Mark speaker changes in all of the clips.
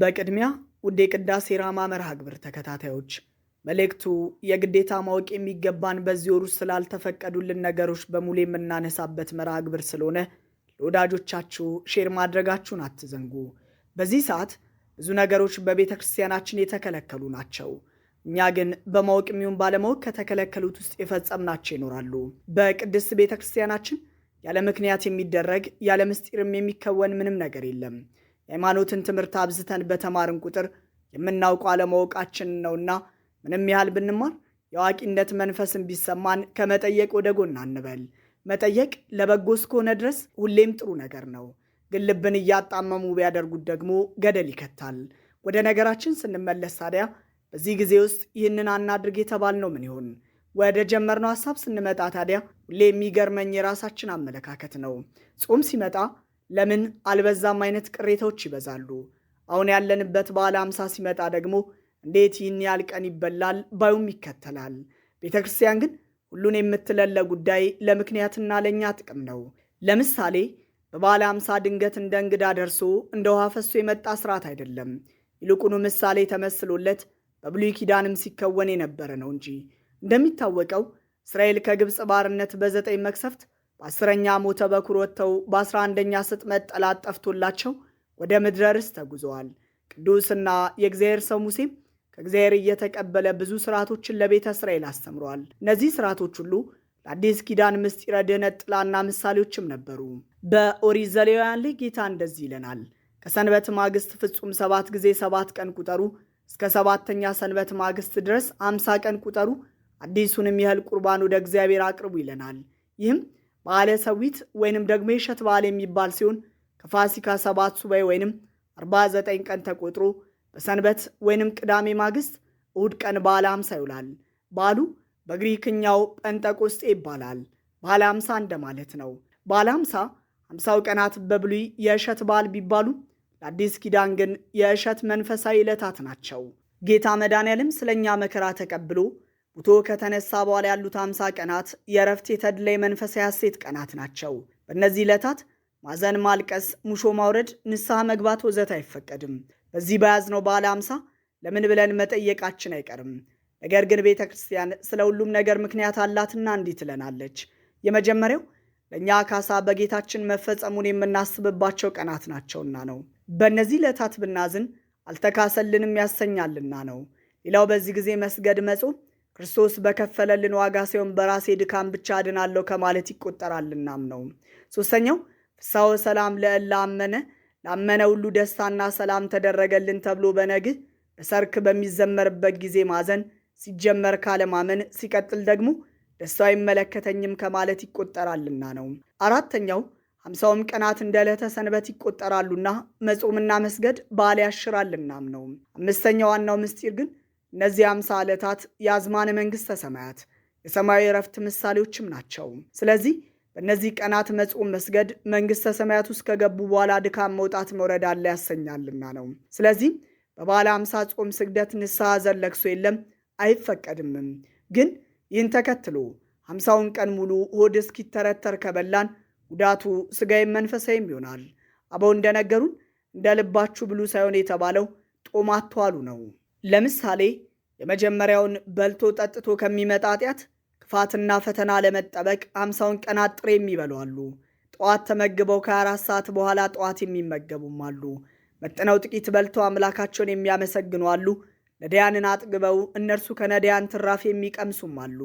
Speaker 1: በቅድሚያ ውድ የቅዳሴ ራማ መርሃ ግብር ተከታታዮች መልእክቱ የግዴታ ማወቅ የሚገባን በዚህ ወር ውስጥ ስላልተፈቀዱልን ነገሮች በሙሉ የምናነሳበት መርሃ ግብር ስለሆነ ለወዳጆቻችሁ ሼር ማድረጋችሁን አትዘንጉ። በዚህ ሰዓት ብዙ ነገሮች በቤተ ክርስቲያናችን የተከለከሉ ናቸው። እኛ ግን በማወቅ የሚሆን ባለማወቅ ከተከለከሉት ውስጥ የፈጸምናቸው ይኖራሉ። በቅድስት ቤተ ክርስቲያናችን ያለ ምክንያት የሚደረግ ያለ ምስጢርም የሚከወን ምንም ነገር የለም። የሃይማኖትን ትምህርት አብዝተን በተማርን ቁጥር የምናውቀው አለማወቃችን ነውና ምንም ያህል ብንማር የአዋቂነት መንፈስን ቢሰማን ከመጠየቅ ወደ ጎን አንበል። መጠየቅ ለበጎ እስከሆነ ድረስ ሁሌም ጥሩ ነገር ነው። ግን ልብን እያጣመሙ ቢያደርጉት ደግሞ ገደል ይከታል። ወደ ነገራችን ስንመለስ ታዲያ በዚህ ጊዜ ውስጥ ይህንን አናድርግ የተባልነው ምን ይሆን? ወደ ጀመርነው ሀሳብ ስንመጣ ታዲያ ሁሌ የሚገርመኝ የራሳችን አመለካከት ነው። ጾም ሲመጣ ለምን አልበዛም አይነት ቅሬታዎች ይበዛሉ። አሁን ያለንበት በዓለ ሃምሳ ሲመጣ ደግሞ እንዴት ይህን ያህል ቀን ይበላል ባዩም ይከተላል። ቤተ ክርስቲያን ግን ሁሉን የምትለለ ጉዳይ ለምክንያትና ለእኛ ጥቅም ነው። ለምሳሌ በበዓለ ሃምሳ ድንገት እንደ እንግዳ ደርሶ እንደ ውሃ ፈሶ የመጣ ስርዓት አይደለም። ይልቁኑ ምሳሌ ተመስሎለት በብሉይ ኪዳንም ሲከወን የነበረ ነው እንጂ እንደሚታወቀው እስራኤል ከግብፅ ባርነት በዘጠኝ መክሰፍት በአስረኛ ሞተ በኩር ወጥተው በአስራ አንደኛ ስጥመት ጠላት ጠፍቶላቸው ወደ ምድረ ርስት ተጉዘዋል። ቅዱስና የእግዚአብሔር ሰው ሙሴም ከእግዚአብሔር እየተቀበለ ብዙ ስርዓቶችን ለቤተ እስራኤል አስተምረዋል። እነዚህ ስርዓቶች ሁሉ ለአዲስ ኪዳን ምስጢረ ድኅነት ጥላና ምሳሌዎችም ነበሩ። በኦሪት ዘሌዋውያን ላይ ጌታ እንደዚህ ይለናል፣ ከሰንበት ማግስት ፍጹም ሰባት ጊዜ ሰባት ቀን ቁጠሩ፣ እስከ ሰባተኛ ሰንበት ማግስት ድረስ አምሳ ቀን ቁጠሩ፣ አዲሱንም የእህል ቁርባን ወደ እግዚአብሔር አቅርቡ ይለናል። ይህም በዓለ ሰዊት ወይንም ደግሞ የሸት በዓል የሚባል ሲሆን ከፋሲካ ሰባት ሱባኤ ወይንም 49 ቀን ተቆጥሮ በሰንበት ወይንም ቅዳሜ ማግስት እሁድ ቀን በዓለ ሐምሳ ይውላል። በዓሉ በግሪክኛው ጴንጠቆስጤ ይባላል። በዓለ ሐምሳ እንደማለት ነው። በዓለ ሐምሳ ሐምሳው ቀናት በብሉይ የእሸት በዓል ቢባሉ ለአዲስ ኪዳን ግን የእሸት መንፈሳዊ ዕለታት ናቸው። ጌታ መድኃኔዓለም ስለ እኛ መከራ ተቀብሎ ውቶ ከተነሳ በኋላ ያሉት አምሳ ቀናት የእረፍት የተድላ መንፈሳዊ ሐሴት ቀናት ናቸው። በእነዚህ ዕለታት ማዘን፣ ማልቀስ፣ ሙሾ ማውረድ፣ ንስሐ መግባት ወዘት አይፈቀድም። በዚህ በያዝነው በዓለ አምሳ ለምን ብለን መጠየቃችን አይቀርም። ነገር ግን ቤተ ክርስቲያን ስለ ሁሉም ነገር ምክንያት አላትና እንዲህ ትለናለች። የመጀመሪያው ለእኛ ካሳ በጌታችን መፈጸሙን የምናስብባቸው ቀናት ናቸውና ነው። በእነዚህ ዕለታት ብናዝን አልተካሰልንም ያሰኛልና ነው። ሌላው በዚህ ጊዜ መስገድ፣ መጾም ክርስቶስ በከፈለልን ዋጋ ሳይሆን በራሴ ድካም ብቻ አድናለሁ ከማለት ይቆጠራልናም ነው። ሶስተኛው ፍስሐ ሰላም ለላመነ ላመነ ሁሉ ደስታና ሰላም ተደረገልን ተብሎ በነግህ በሰርክ በሚዘመርበት ጊዜ ማዘን ሲጀመር ካለማመን ሲቀጥል ደግሞ ደስታው አይመለከተኝም ከማለት ይቆጠራልና ነው። አራተኛው ሀምሳውም ቀናት እንደ ዕለተ ሰንበት ይቆጠራሉና መጾምና መስገድ በዓል ያሽራልናም ነው። አምስተኛው ዋናው ምስጢር ግን እነዚህ አምሳ ዓለታት የአዝማነ መንግሥተ ሰማያት የሰማያዊ እረፍት ምሳሌዎችም ናቸው። ስለዚህ በእነዚህ ቀናት መጾም፣ መስገድ መንግሥተ ሰማያት ውስጥ ከገቡ በኋላ ድካም፣ መውጣት መውረድ አለ ያሰኛልና ነው። ስለዚህ በባለ አምሳ ጾም፣ ስግደት፣ ንስሐ፣ ሐዘን፣ ለቅሶ የለም አይፈቀድምም። ግን ይህን ተከትሎ አምሳውን ቀን ሙሉ ሆድ እስኪተረተር ከበላን ጉዳቱ ስጋይም መንፈሳይም ይሆናል። አበው እንደነገሩን እንደ ልባችሁ ብሉ ሳይሆን የተባለው ጦም አትዋሉ ነው። ለምሳሌ የመጀመሪያውን በልቶ ጠጥቶ ከሚመጣ ኃጢአት ክፋትና ፈተና ለመጠበቅ አምሳውን ቀናት ጥሬ የሚበሉ አሉ። ጠዋት ተመግበው ከአራት ሰዓት በኋላ ጠዋት የሚመገቡም አሉ። መጥነው ጥቂት በልተው አምላካቸውን የሚያመሰግኑ አሉ። ነዳያንን አጥግበው እነርሱ ከነዳያን ትራፊ የሚቀምሱም አሉ።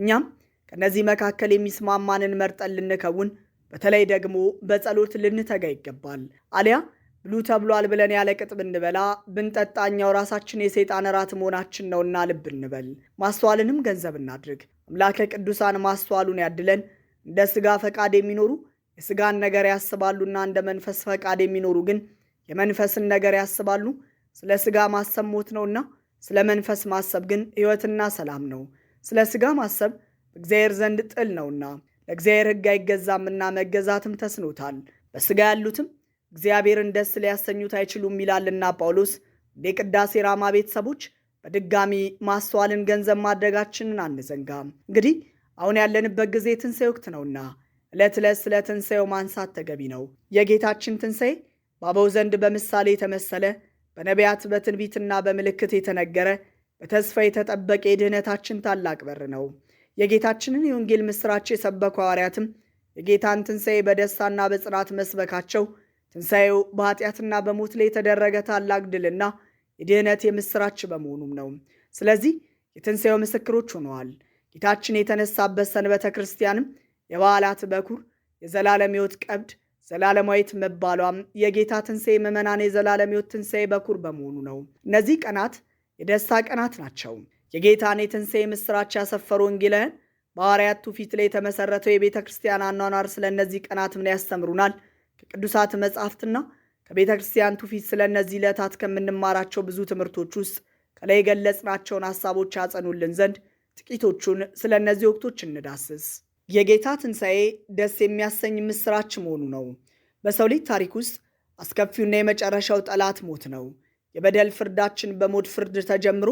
Speaker 1: እኛም ከእነዚህ መካከል የሚስማማንን መርጠን ልንከውን፣ በተለይ ደግሞ በጸሎት ልንተጋ ይገባል። አሊያ ብሉ ተብሏል ብለን ያለ ቅጥ ብንበላ ብንጠጣኛው ራሳችን የሰይጣን እራት መሆናችን ነውና ልብ እንበል። ማስተዋልንም ገንዘብ እናድርግ። አምላከ ቅዱሳን ማስተዋሉን ያድለን። እንደ ስጋ ፈቃድ የሚኖሩ የስጋን ነገር ያስባሉና እንደ መንፈስ ፈቃድ የሚኖሩ ግን የመንፈስን ነገር ያስባሉ። ስለ ስጋ ማሰብ ሞት ነውና ስለ መንፈስ ማሰብ ግን ሕይወትና ሰላም ነው። ስለ ስጋ ማሰብ በእግዚአብሔር ዘንድ ጥል ነውና ለእግዚአብሔር ሕግ አይገዛምና መገዛትም ተስኖታል። በስጋ ያሉትም እግዚአብሔርን ደስ ሊያሰኙት አይችሉም ይላልና ጳውሎስ። እንደ ራማ ቤተሰቦች በድጋሚ ማስተዋልን ገንዘብ ማድረጋችንን አንዘንጋም። እንግዲህ አሁን ያለንበት ጊዜ ትንሣኤ ወቅት ነውና ዕለት ዕለት ስለ ትንሣኤው ማንሳት ተገቢ ነው። የጌታችን ትንሣኤ በአበው ዘንድ በምሳሌ የተመሰለ በነቢያት በትንቢትና በምልክት የተነገረ በተስፋ የተጠበቀ የድህነታችን ታላቅ በር ነው። የጌታችንን የወንጌል ምስራች የሰበኩ ሐዋርያትም የጌታን ትንሣኤ በደስታና በጽናት መስበካቸው ትንሣኤው በኃጢአትና በሞት ላይ የተደረገ ታላቅ ድልና የድህነት የምሥራች በመሆኑም ነው። ስለዚህ የትንሣኤው ምስክሮች ሆነዋል። ጌታችን የተነሳበት ሰንበተ ክርስቲያንም የበዓላት በኩር የዘላለም ሕይወት ቀብድ ዘላለማዊት መባሏም የጌታ ትንሣኤ ምዕመናን የዘላለም ሕይወት ትንሣኤ በኩር በመሆኑ ነው። እነዚህ ቀናት የደስታ ቀናት ናቸው። የጌታን የትንሣኤ ምሥራች ያሰፈሩ ወንጌላውያን በሐዋርያቱ ፊት ላይ የተመሠረተው የቤተ ክርስቲያን አኗኗር ስለ እነዚህ ቀናት ምን ያስተምሩናል? ከቅዱሳት መጻሕፍትና ከቤተ ክርስቲያን ትውፊት ስለ እነዚህ ዕለታት ከምንማራቸው ብዙ ትምህርቶች ውስጥ ከላይ የገለጽናቸውን ሐሳቦች ያጸኑልን ዘንድ ጥቂቶቹን ስለ እነዚህ ወቅቶች እንዳስስ። የጌታ ትንሣኤ ደስ የሚያሰኝ ምስራች መሆኑ ነው። በሰው ልጅ ታሪክ ውስጥ አስከፊውና የመጨረሻው ጠላት ሞት ነው። የበደል ፍርዳችን በሞት ፍርድ ተጀምሮ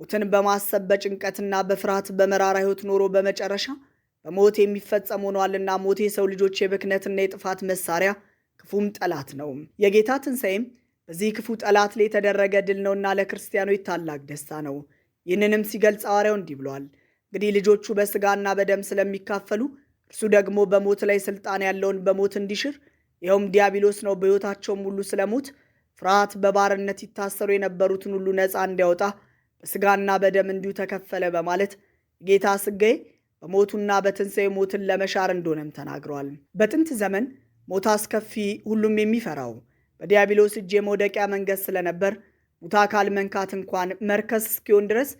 Speaker 1: ሞትን በማሰብ በጭንቀትና በፍርሃት በመራራ ሕይወት ኖሮ በመጨረሻ በሞት የሚፈጸም ሆኗልና ሞት የሰው ልጆች የብክነትና የጥፋት መሳሪያ ክፉም ጠላት ነው። የጌታ ትንሣኤም በዚህ ክፉ ጠላት ላይ የተደረገ ድል ነውና ለክርስቲያኖች ታላቅ ደስታ ነው። ይህንንም ሲገልጽ ሐዋርያው እንዲህ ብሏል። እንግዲህ ልጆቹ በሥጋና በደም ስለሚካፈሉ እርሱ ደግሞ በሞት ላይ ሥልጣን ያለውን በሞት እንዲሽር ይኸውም ዲያብሎስ ነው። በሕይወታቸውም ሁሉ ስለ ሞት ፍርሃት በባርነት ይታሰሩ የነበሩትን ሁሉ ነፃ እንዲያወጣ በሥጋና በደም እንዲሁ ተከፈለ በማለት ጌታ ሥጋዬ በሞቱና በትንሣኤ ሞትን ለመሻር እንደሆነም ተናግሯል። በጥንት ዘመን ሞት አስከፊ፣ ሁሉም የሚፈራው በዲያብሎስ እጅ የመውደቂያ መንገድ ስለነበር ሙት አካል መንካት እንኳን መርከስ እስኪሆን ድረስ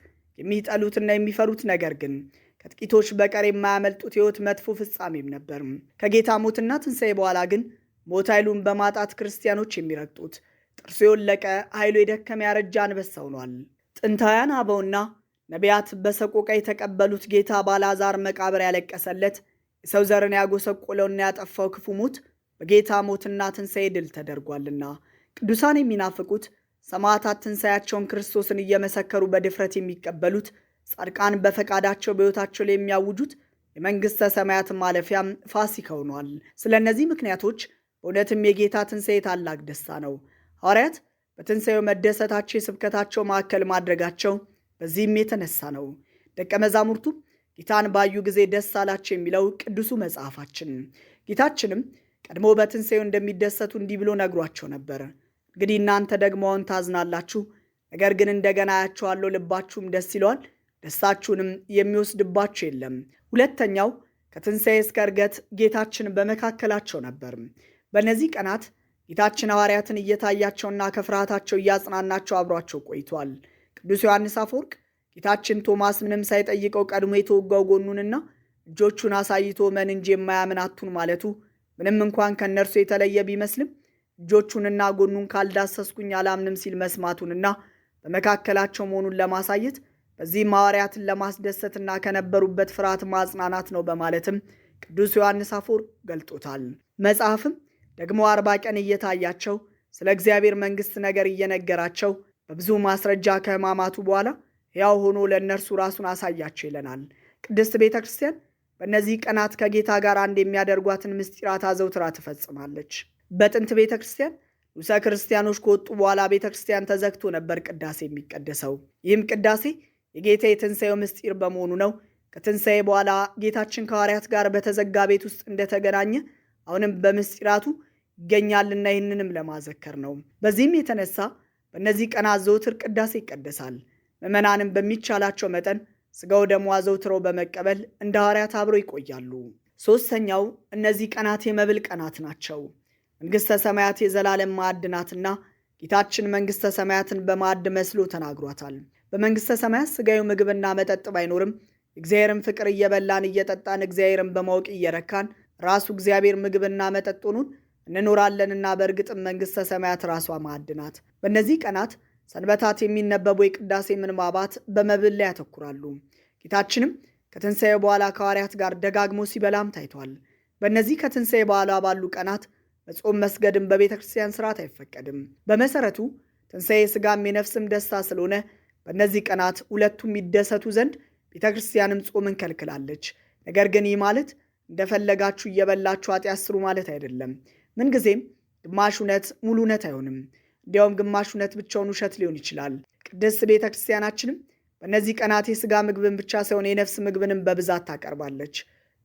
Speaker 1: የሚጠሉትና የሚፈሩት ነገር ግን ከጥቂቶች በቀር የማያመልጡት ሕይወት መጥፎ ፍጻሜም ነበር። ከጌታ ሞትና ትንሣኤ በኋላ ግን ሞት ኃይሉን በማጣት ክርስቲያኖች የሚረግጡት ጥርሱ የወለቀ ኃይሉ የደከመ ያረጃ አንበሳ ሆኗል። ጥንታውያን አበውና ነቢያት በሰቆቃ የተቀበሉት ጌታ ባላዛር መቃብር ያለቀሰለት የሰው ዘርን ያጎሰቆለውና ያጠፋው ክፉ ሞት በጌታ ሞትና ትንሣኤ ድል ተደርጓልና ቅዱሳን የሚናፍቁት ሰማዕታት ትንሣያቸውን ክርስቶስን እየመሰከሩ በድፍረት የሚቀበሉት ጻድቃን በፈቃዳቸው በሕይወታቸው ላይ የሚያውጁት የመንግሥተ ሰማያት ማለፊያም ፋሲካ ሆኗል። ስለ እነዚህ ምክንያቶች በእውነትም የጌታ ትንሣኤ ታላቅ ደስታ ነው። ሐዋርያት በትንሣኤው መደሰታቸው የስብከታቸው ማዕከል ማድረጋቸው በዚህም የተነሳ ነው። ደቀ መዛሙርቱ ጌታን ባዩ ጊዜ ደስ አላቸው የሚለው ቅዱሱ መጽሐፋችን ጌታችንም ቀድሞ በትንሣኤው እንደሚደሰቱ እንዲህ ብሎ ነግሯቸው ነበር። እንግዲህ እናንተ ደግሞ አሁን ታዝናላችሁ፣ ነገር ግን እንደገና አያችኋለሁ፣ ልባችሁም ደስ ይለዋል፣ ደስታችሁንም የሚወስድባችሁ የለም። ሁለተኛው ከትንሣኤ እስከ እርገት ጌታችን በመካከላቸው ነበር። በእነዚህ ቀናት ጌታችን ሐዋርያትን እየታያቸውና ከፍርሃታቸው እያጽናናቸው አብሯቸው ቆይቷል። ቅዱስ ዮሐንስ አፈወርቅ ጌታችን ቶማስ ምንም ሳይጠይቀው ቀድሞ የተወጋው ጎኑንና እጆቹን አሳይቶ መን እንጂ የማያምን አቱን ማለቱ ምንም እንኳን ከእነርሱ የተለየ ቢመስልም እጆቹንና ጎኑን ካልዳሰስኩኝ አላምንም ሲል መስማቱንና በመካከላቸው መሆኑን ለማሳየት በዚህም ሐዋርያትን ለማስደሰትና ከነበሩበት ፍርሃት ማጽናናት ነው በማለትም ቅዱስ ዮሐንስ አፎር ገልጦታል። መጽሐፍም ደግሞ አርባ ቀን እየታያቸው ስለ እግዚአብሔር መንግሥት ነገር እየነገራቸው በብዙ ማስረጃ ከሕማማቱ በኋላ ሕያው ሆኖ ለእነርሱ ራሱን አሳያቸው ይለናል። ቅድስት ቤተ ክርስቲያን በእነዚህ ቀናት ከጌታ ጋር አንድ የሚያደርጓትን ምስጢራት አዘውትራ ትፈጽማለች። በጥንት ቤተ ክርስቲያን ንጉሠ ክርስቲያኖች ከወጡ በኋላ ቤተ ክርስቲያን ተዘግቶ ነበር ቅዳሴ የሚቀደሰው። ይህም ቅዳሴ የጌታ የትንሣኤው ምስጢር በመሆኑ ነው። ከትንሣኤ በኋላ ጌታችን ከሐዋርያት ጋር በተዘጋ ቤት ውስጥ እንደተገናኘ አሁንም በምስጢራቱ ይገኛልና ይህንንም ለማዘከር ነው። በዚህም የተነሳ በእነዚህ ቀናት ዘውትር ቅዳሴ ይቀደሳል። ምዕመናንም በሚቻላቸው መጠን ስጋው ደሞ አዘውትረው በመቀበል እንደ ሐዋርያት አብረው ይቆያሉ። ሦስተኛው እነዚህ ቀናት የመብል ቀናት ናቸው። መንግሥተ ሰማያት የዘላለም ማዕድ ናትና ጌታችን መንግሥተ ሰማያትን በማዕድ መስሎ ተናግሯታል። በመንግሥተ ሰማያት ስጋዩ ምግብና መጠጥ ባይኖርም እግዚአብሔርን ፍቅር እየበላን እየጠጣን እግዚአብሔርን በማወቅ እየረካን ራሱ እግዚአብሔር ምግብና ሆኑን እንኖራለንና በእርግጥም መንግሥተ ሰማያት ራሷ ማዕድ ናት። በእነዚህ ቀናት ሰንበታት የሚነበቡ የቅዳሴ ምንባባት በመብል ላይ ያተኩራሉ። ጌታችንም ከትንሣኤ በኋላ ከሐዋርያት ጋር ደጋግሞ ሲበላም ታይቷል። በእነዚህ ከትንሣኤ በኋላ ባሉ ቀናት መጾም መስገድም በቤተ ክርስቲያን ሥርዓት አይፈቀድም። በመሠረቱ ትንሣኤ ሥጋም የነፍስም ደስታ ስለሆነ በእነዚህ ቀናት ሁለቱም ይደሰቱ ዘንድ ቤተ ክርስቲያንም ጾምን ከልክላለች። ነገር ግን ይህ ማለት እንደፈለጋችሁ እየበላችሁ ኃጢአት ስሩ ማለት አይደለም። ምንጊዜም ግማሽ እውነት ሙሉ እውነት አይሆንም። እንዲያውም ግማሽ እውነት ብቻውን ውሸት ሊሆን ይችላል። ቅድስት ቤተ ክርስቲያናችንም በእነዚህ ቀናት የሥጋ ምግብን ብቻ ሳይሆን የነፍስ ምግብንም በብዛት ታቀርባለች።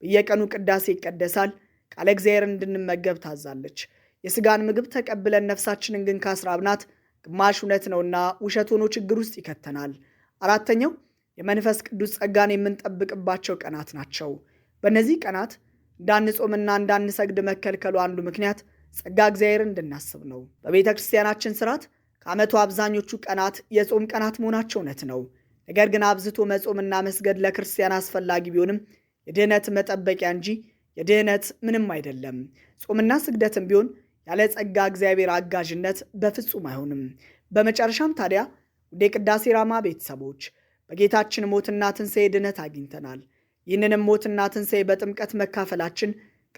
Speaker 1: በየቀኑ ቅዳሴ ይቀደሳል። ቃለ እግዚአብሔር እንድንመገብ ታዛለች። የሥጋን ምግብ ተቀብለን ነፍሳችንን ግን ካስራብናት ግማሽ እውነት ነውና ውሸት ሆኖ ችግር ውስጥ ይከተናል። አራተኛው የመንፈስ ቅዱስ ጸጋን የምንጠብቅባቸው ቀናት ናቸው። በእነዚህ ቀናት እንዳንጾምና እንዳንሰግድ መከልከሉ አንዱ ምክንያት ጸጋ እግዚአብሔር እንድናስብ ነው። በቤተ ክርስቲያናችን ስርዓት ከዓመቱ አብዛኞቹ ቀናት የጾም ቀናት መሆናቸው እውነት ነው። ነገር ግን አብዝቶ መጾምና መስገድ ለክርስቲያን አስፈላጊ ቢሆንም የድህነት መጠበቂያ እንጂ የድህነት ምንም አይደለም። ጾምና ስግደትም ቢሆን ያለ ጸጋ እግዚአብሔር አጋዥነት በፍጹም አይሆንም። በመጨረሻም ታዲያ ወደ ቅዳሴ ራማ ቤተሰቦች በጌታችን ሞትና ትንሣኤ ድህነት አግኝተናል። ይህንንም ሞትና ትንሣኤ በጥምቀት መካፈላችን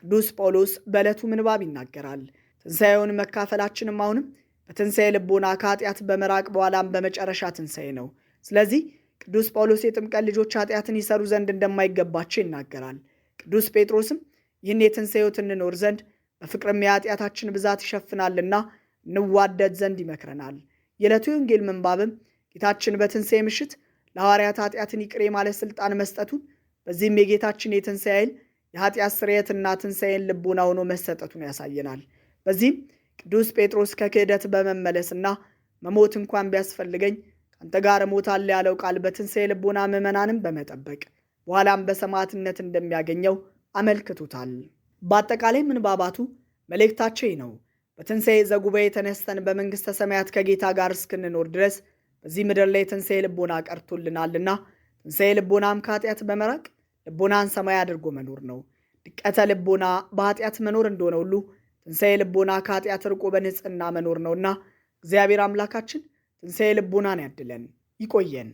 Speaker 1: ቅዱስ ጳውሎስ በዕለቱ ምንባብ ይናገራል። ትንሣኤውን መካፈላችንም አሁንም በትንሣኤ ልቦና ከኃጢአት በመራቅ በኋላም በመጨረሻ ትንሣኤ ነው። ስለዚህ ቅዱስ ጳውሎስ የጥምቀት ልጆች ኃጢአትን ይሰሩ ዘንድ እንደማይገባቸው ይናገራል። ቅዱስ ጴጥሮስም ይህን የትንሣኤውት እንኖር ዘንድ በፍቅርም የኃጢአታችን ብዛት ይሸፍናልና እንዋደድ ዘንድ ይመክረናል። የዕለቱ የወንጌል ምንባብም ጌታችን በትንሣኤ ምሽት ለሐዋርያት ኃጢአትን ይቅሬ ማለት ሥልጣን መስጠቱን በዚህም የጌታችን የትንሣኤ ኃይል የኃጢአት ስርየትና ትንሣኤን ልቡና ሆኖ መሰጠቱን ያሳየናል። በዚህም ቅዱስ ጴጥሮስ ከክህደት በመመለስና መሞት እንኳን ቢያስፈልገኝ ከአንተ ጋር እሞታለሁ ያለው ቃል በትንሣኤ ልቡና ምዕመናንም በመጠበቅ በኋላም በሰማዕትነት እንደሚያገኘው አመልክቶታል። በአጠቃላይ ምንባባቱ መልእክታቸው ነው። በትንሣኤ ዘጉባኤ ተነስተን በመንግሥተ ሰማያት ከጌታ ጋር እስክንኖር ድረስ በዚህ ምድር ላይ ትንሣኤ ልቦና ቀርቶልናልና ትንሣኤ ልቦናም ከኃጢአት በመራቅ ልቦናን ሰማይ አድርጎ መኖር ነው። ድቀተ ልቦና በኃጢአት መኖር እንደሆነ ሁሉ ትንሣኤ ልቦና ከኃጢአት ርቆ በንጽህና መኖር ነውና እግዚአብሔር አምላካችን ትንሣኤ ልቦናን ያድለን። ይቆየን።